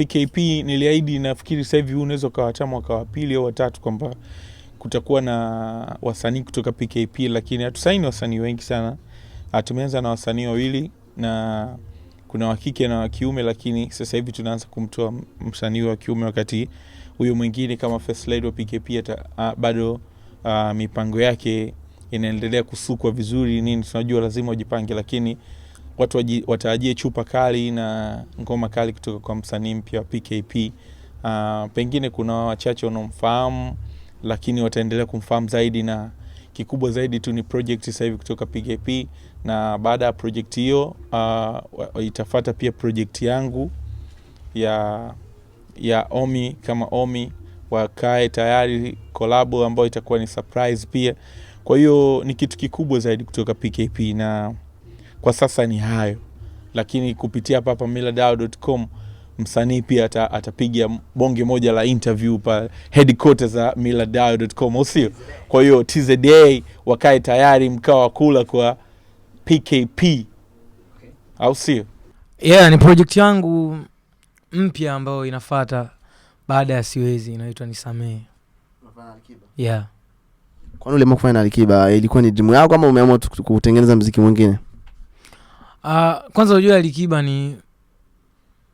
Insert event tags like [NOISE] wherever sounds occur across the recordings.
PKP niliahidi, nafikiri sasa hivi unaweza ukawachama mwaka wa pili au watatu kwamba kutakuwa na wasanii kutoka PKP, lakini hatusaini wasanii wengi sana. Ah, tumeanza na wasanii wawili na kuna wa kike na wa kiume, lakini sasa hivi tunaanza kumtoa msanii wa kiume, wakati huyo mwingine kama first lady wa PKP ata, ah, bado ah, mipango yake inaendelea kusukwa vizuri nini, tunajua lazima ujipange, lakini watu watarajie chupa kali na ngoma kali kutoka kwa msanii mpya wa PKP. Uh, ah, pengine kuna wachache wanaomfahamu lakini wataendelea kumfahamu zaidi, na kikubwa zaidi tu ni project sasa hivi kutoka PKP, na baada ya project hiyo uh, ah, itafata pia project yangu ya, ya Omi kama Omi, wakae tayari kolabo ambayo itakuwa ni surprise pia. Kwa hiyo ni kitu kikubwa zaidi kutoka PKP na kwa sasa ni hayo, lakini kupitia papamillardayo.com msanii pia ata, atapiga bonge moja la interview pa headquarters za millardayo.com, au sio? Kwa hiyo tzda wakae tayari, mkao wa kula kwa PKP, au sio? Yeah, ni project yangu mpya ambayo inafata baada ya siwezi, inaitwa Nisamehe. Yeah. Kwani uliamua kufanya na Alikiba, ilikuwa ni dimu yako ama umeamua kutengeneza mziki mwingine? Uh, kwanza ujue Alikiba ni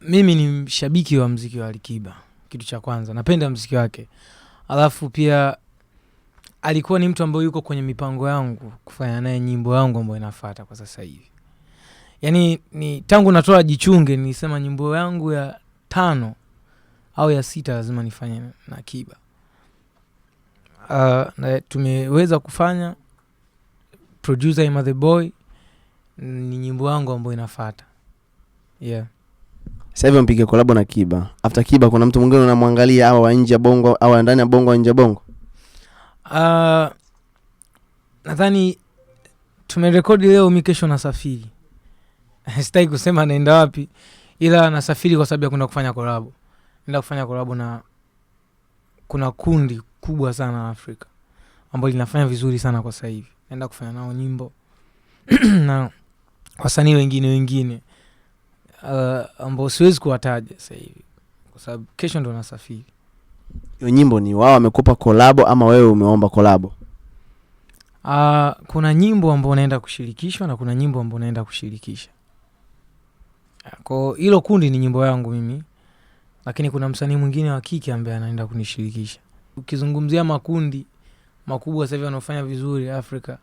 mimi ni mshabiki wa mziki wa Alikiba, kitu cha kwanza napenda mziki wake, alafu pia alikuwa ni mtu ambaye yuko kwenye mipango yangu kufanya naye nyimbo yangu ambayo inafuata kwa sasa hivi. Yani ni tangu natoa jichunge nilisema nyimbo yangu ya tano au ya sita lazima nifanye na Kiba. Uh, ah, tumeweza kufanya producer Ima ni nyimbo yangu ambayo inafata yeah. Sasa hivi mpiga kolabo na Kiba. After Kiba kuna mtu mwingine unamwangalia au wa nje ya Bongo au ndani ya Bongo au nje ya Bongo? Uh, nadhani tumerekodi leo, mi kesho nasafiri [LAUGHS] sitaki kusema naenda wapi, ila nasafiri kwa sababu ya kwenda kufanya kolabo. Naenda kufanya kolabo na kuna kundi kubwa sana Afrika ambalo linafanya vizuri sana kwa sasa hivi, naenda kufanya nao nyimbo [CLEARS THROAT] na wasanii wengine wengine uh, ambao siwezi kuwataja sahivi kwa sababu kesho ndo nasafiri. Hiyo nyimbo ni wao wamekupa kolabo ama wewe umeomba kolabo? Uh, kuna nyimbo ambao unaenda kushirikishwa na kuna nyimbo ambao unaenda kushirikisha. Ah, Ko hilo kundi ni nyimbo yangu mimi, lakini kuna msanii mwingine wa kike ambaye anaenda kunishirikisha. Ukizungumzia makundi makubwa sahivi anaofanya wanaofanya vizuri Afrika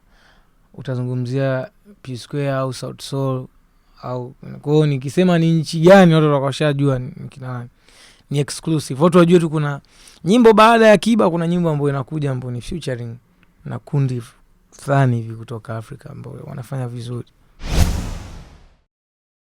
utazungumzia P Square au south Sol au kwao, nikisema ni nchi gani watu watakashajua kinani ni exclusive, watu wajue tu kuna nyimbo baada ya Kiba, kuna nyimbo ambayo inakuja ambayo ni futuring na kundi fulani hivi kutoka Afrika ambao wanafanya vizuri.